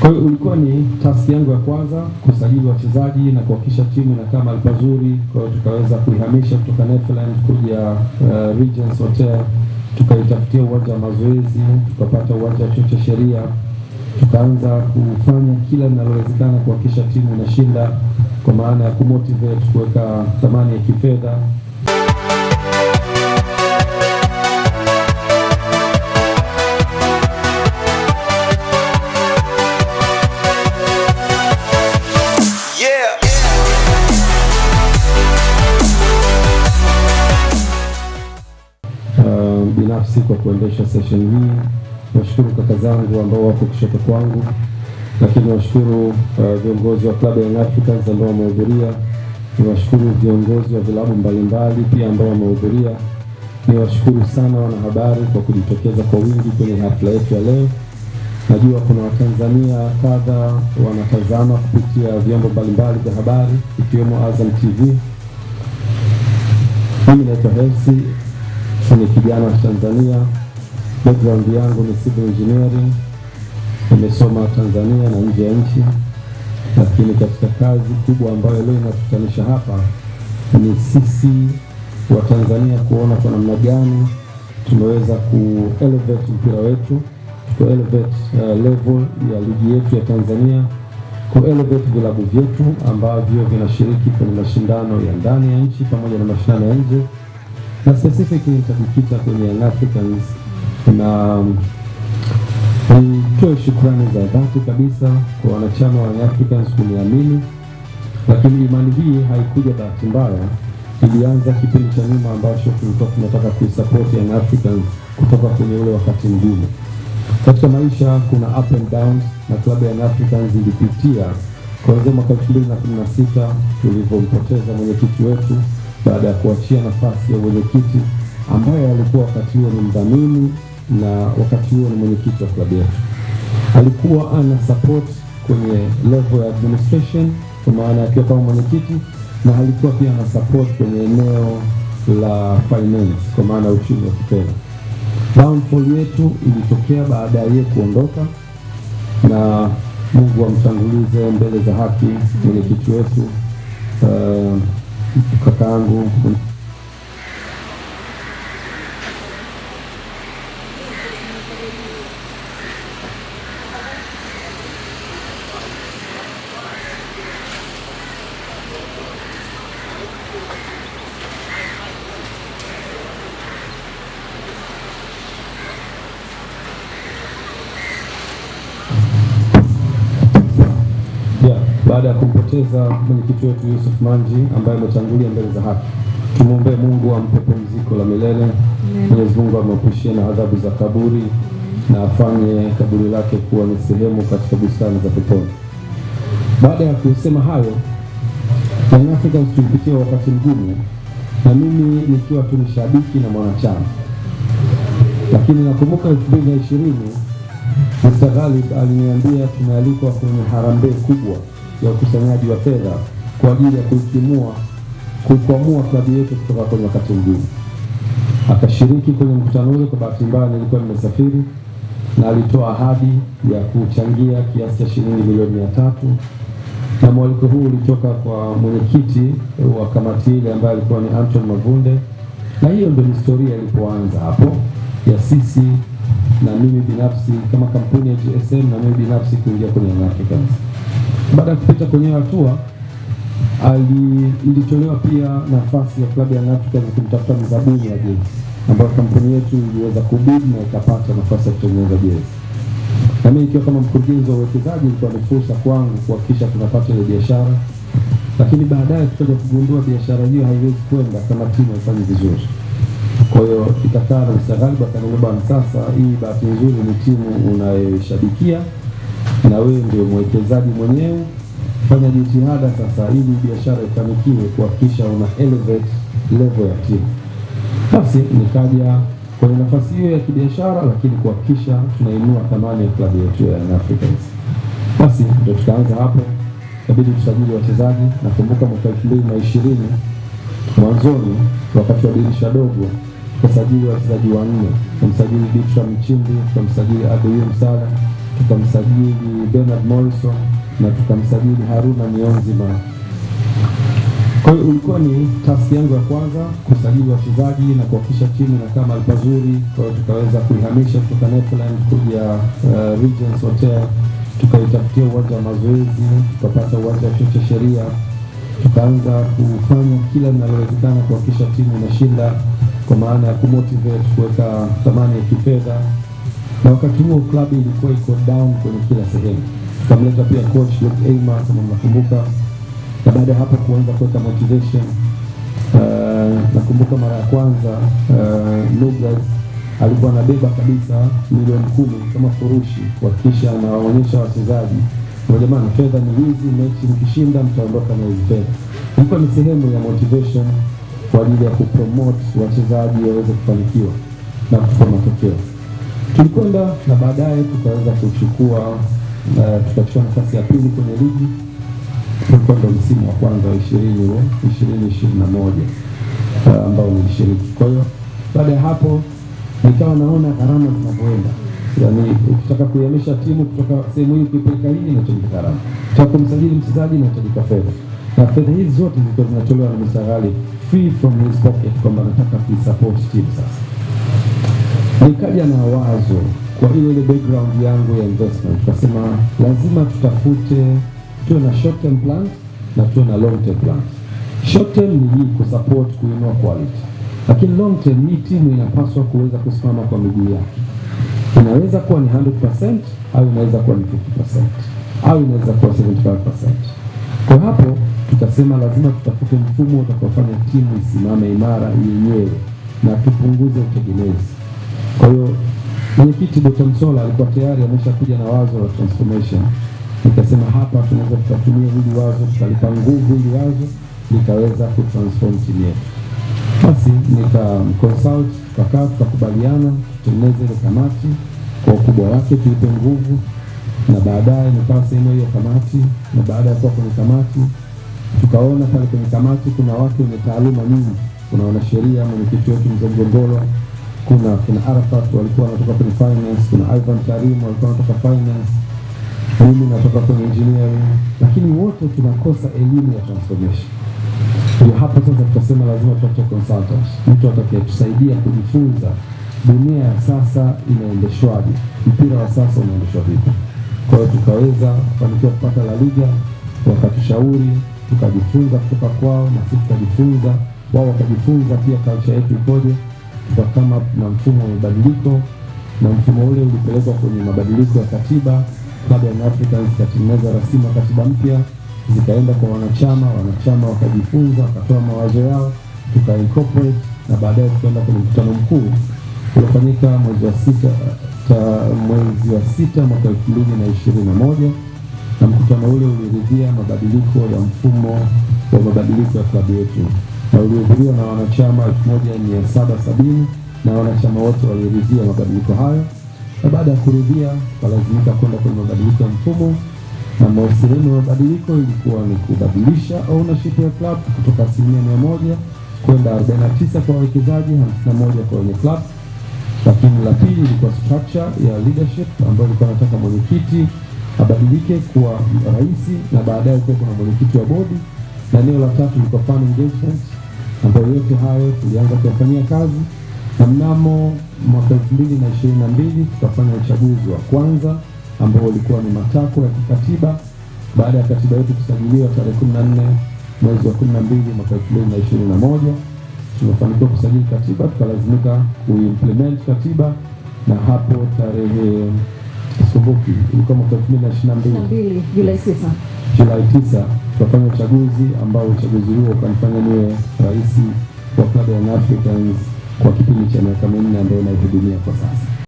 Kwa hiyo ulikuwa ni taski yangu ya kwanza kusajili wachezaji na kuhakikisha timu inakaa mahali pazuri. Kwa hiyo tukaweza kuihamisha kutoka Netherland kuja uh, Regents Hotel, tukaitafutia uwanja wa mazoezi, tukapata uwanja wa chuo cha sheria, tukaanza kufanya kila linalowezekana kuhakikisha timu inashinda kwa maana ya kumotivate kuweka thamani ya kifedha. Uh, binafsi kwa kuendesha session hii, nashukuru kaka zangu ambao wako kushoto kwangu lakini niwashukuru uh, viongozi wa klabu ya Young Africans ambao wamehudhuria. Niwashukuru viongozi wa vilabu mbalimbali pia ambao wamehudhuria. Niwashukuru sana wanahabari kwa kujitokeza kwa wingi kwenye hafla yetu ya leo. Najua kuna Watanzania kadha wanatazama kupitia vyombo mbalimbali vya habari ikiwemo Azam TV. Mimi naitwa Hersi, ni kijana wa Tanzania, background yangu ni civil engineering nimesoma Tanzania na nje ya nchi, lakini katika kazi kubwa ambayo leo inatukutanisha hapa ni sisi wa Tanzania kuona kwa namna gani tumeweza elevate mpira wetu, elevate uh, level ya ligi yetu ya Tanzania, elevate vilabu vyetu ambavyo vinashiriki kwenye mashindano ya ndani ya nchi pamoja na mashindano ya nje, na specifically nitajikita kwenye Young Africans na um, Nitoe shukrani za dhati kabisa kwa wanachama wa Africans kuniamini, lakini imani hii haikuja bahati mbaya. Ilianza kipindi cha nyuma ambacho tulikuwa tunataka kuisapoti Young Africans kutoka kwenye ule wakati mgumu. Katika maisha kuna up and downs, na klabu ya Young Africans ilipitia kuanzia mwaka 2016 tulivyompoteza mwenyekiti wetu baada ya kuachia nafasi ya mwenyekiti ambaye alikuwa wakati huo ni mdhamini na wakati huo ni mwenyekiti wa klabu yetu. Alikuwa ana support kwenye level ya administration, kwa maana akiwa kama mwenyekiti, na alikuwa pia ana support kwenye eneo la finance, kwa maana uchumi wa kifedha. Downfall yetu ilitokea baada ya yeye kuondoka, na Mungu amtangulize mbele za haki mwenyekiti wetu, uh, eh, kakaangu baada ya kumpoteza mwenyekiti wetu Yusuf Manji ambaye ametangulia mbele za haki. Tumwombee Mungu ampe pumziko la milele. Mwenyezi Mungu amwepushie na adhabu za kaburi na afanye kaburi lake kuwa ni sehemu katika bustani za peponi. Baada ya kusema hayo, Young Africans tulipitia wakati mgumu, na mimi nikiwa tu mshabiki shabiki na mwanachama, lakini nakumbuka elfu mbili na ishirini Mr. Ghalib aliniambia tumealikwa kwenye harambee kubwa ya ukusanyaji wa fedha kwa ajili ya kuitimua kukwamua klabu yetu kutoka kwenye wakati mgumu. Akashiriki kwenye mkutano ule. Kwa bahati mbaya nilikuwa nimesafiri, na alitoa ahadi ya kuchangia kiasi cha shilingi milioni mia tatu na mwaliko huu ulitoka kwa mwenyekiti wa kamati ile ambaye alikuwa ni Anton Mavunde, na hiyo ndio historia ilipoanza hapo ya sisi na mimi binafsi kama kampuni ya GSM na mimi binafsi kuingia kwenye Young Africans. Baada ya kupita kwenye hatua ilitolewa pia nafasi ya klabu ya Afrika na kumtafuta mzabuni wa jezi ambayo kampuni yetu iliweza kubidi na ikapata nafasi ya kutengeneza jezi, na mimi ikiwa kama mkurugenzi wa uwekezaji, ilikuwa ni fursa kwangu kuhakikisha tunapata ile biashara, lakini baadaye tukaja kugundua biashara hiyo haiwezi kwenda kama timu haifanyi vizuri. Kwa hiyo ikakaa na mstagharibu, akanibeba msasa, hii bahati nzuri ni timu unayoshabikia na wewe ndio mwekezaji mwenyewe. Fanya jitihada sasa ili biashara ifanikiwe, kuhakikisha una elevate level ya timu. Basi nikaja kwenye nafasi hiyo ya kibiashara, lakini kuhakikisha tunainua thamani ya klabu yetu ya Young Africans. Basi ndio tukaanza hapo, kabidi tusajili wachezaji. Nakumbuka mwaka elfu mbili na ishirini mwanzoni, wakati wa dirisha dogo, tukasajili wachezaji wanne, tukamsajili Dikson Mchimbi, tukamsajili Abiyu Msala tukamsajili Bernard Morrison na tukamsajili Haruna Mionzima. Kwa hiyo ulikuwa ni tasi yangu ya kwanza kusajili wachezaji na kuhakikisha timu inakaa mahali pazuri. Kwa hiyo tukaweza kuihamisha kutoka Netherland kuja uh, Regents Hotel, tukaitafutia uwanja wa mazoezi, tukapata uwanja wa chuo cha sheria, tukaanza kufanya kila linalowezekana kuhakikisha timu inashinda, kwa maana ya kumotivate, kuweka thamani ya kifedha na wakati huo klabu ilikuwa iko down kwenye kila sehemu. Tukamleta pia coach Luke Aima kama mnakumbuka, na baada ya hapo kuanza kuweka motivation. Uh, nakumbuka mara ya kwanza uh, Lucas alikuwa anabeba kabisa milioni kumi kama furushi kuhakikisha anawaonyesha wachezaji jamani, fedha ni hizi, mechi mkishinda mtaondoka na hizi fedha. Ilikuwa ni sehemu ya motivation kwa ajili ya kupromote wachezaji waweze kufanikiwa na kuchukua matokeo tulikwenda na baadaye tukaweza kuchukua uh, eh, tukachukua nafasi ya pili kwenye ligi. Tulikuwa ndo msimu wa kwanza wa ishirini ishirini ishirini na moja eh, ambao nilishiriki. Kwa hiyo baada ya hapo nikawa naona gharama zinavyoenda, yaani ukitaka kuihamisha timu kutoka sehemu hii ukipeleka ligi inahitajika gharama, ukitaka kumsajili mchezaji inachojika fedha, na fedha hizi zote zilikuwa zinatolewa na Mr. free from his pocket, kwamba nataka kuisupport timu sasa nikaja na wazo kwa hiyo ile background yangu ya investment, kasema lazima tutafute, tuwe na short term plan na tuwe na long term plan. Short term ni hii kusupport kuinua quality, lakini long term hii timu inapaswa kuweza kusimama kwa miguu yake. Inaweza kuwa ni 100% au inaweza kuwa ni 50% au inaweza kuwa 75%. Kwa hapo tukasema lazima tutafute mfumo utakaofanya timu isimame imara yenyewe na tupunguze utegemezi kwa hiyo mwenyekiti Dr. Msola alikuwa tayari ameshakuja na wazo la transformation, nikasema hapa tunaweza tukatumia hili wazo, tukalipa nguvu hili wazo nikaweza kutransform timu yetu. Basi nika consult, tukakaa tukakubaliana tutengeneze ile kamati kwa ukubwa wake, tuipe nguvu, na baadaye nikawa sehemu hiyo kamati, na baada ya kuwa kwenye kamati tukaona pale kwenye kamati kuna watu wenye taaluma nyingi, kuna wanasheria, mwenyekiti wetu mzee Mgongolo kuna kina Arafat walikuwa wanatoka kwenye finance, kuna Ivan Karim walikuwa wanatoka finance, mimi natoka kwenye engineering, lakini wote tunakosa elimu ya transformation. Ndio hapo sasa tutasema lazima tutafute consultant, mtu atakayetusaidia kujifunza dunia ya sasa inaendeshwaje, mpira wa sasa unaendeshwa vipi. Kwa hiyo tukaweza kufanikiwa kupata La Liga, wakatushauri tukajifunza kutoka kwao, na sisi tukajifunza, wao wakajifunza pia culture yetu ikoje kwa kama na mfumo wa mabadiliko, na mfumo ule ulipelekwa kwenye mabadiliko ya katiba. Club Young Africans ikatengeneza rasimu ya katiba mpya, zikaenda kwa wanachama, wanachama wakajifunza, wakatoa mawazo yao, tuka incorporate na baadaye tukaenda kwenye mkutano mkuu uliofanyika mwezi wa sita ta, mwezi wa sita mwaka elfu mbili na ishirini na moja na mkutano ule uliridhia mabadiliko ya mfumo wa mabadiliko ya klabu yetu yaliyohudhuriwa na wanachama moja saba sabini na wanachama wote walioridhia mabadiliko hayo, na baada ya kuridhia walazimika kwenda kwenye mabadiliko ya mfumo, na mawasiliano ya mabadiliko ilikuwa ni kubadilisha ownership ya club kutoka asilimia mia moja kwenda 49 kwa wawekezaji, 51 kwa wenye club. Lakini la pili ilikuwa structure ya leadership ambayo ilikuwa nataka mwenyekiti abadilike kuwa rais na baadaye kuwa kuna mwenyekiti wa bodi, na eneo la tatu ilikuwa fan engagement ambayo yote hayo tulianza kuyafanyia kazi, na mnamo mwaka elfu mbili na ishirini na mbili tukafanya uchaguzi wa kwanza ambao ulikuwa ni matakwa ya kikatiba baada ya katiba yetu kusajiliwa tarehe kumi na nne mwezi wa kumi na mbili mwaka elfu mbili na ishirini na moja tumefanikiwa kusajili katiba, tukalazimika kuimplement katiba, na hapo tarehe sumbuki ilikuwa mwaka elfu mbili na ishirini na mbili Julai tisa tukafanya uchaguzi ambao uchaguzi huo ukanifanya niwe rais wa klabu ya Africans kwa kipindi cha miaka minne ambayo naihudumia kwa sasa.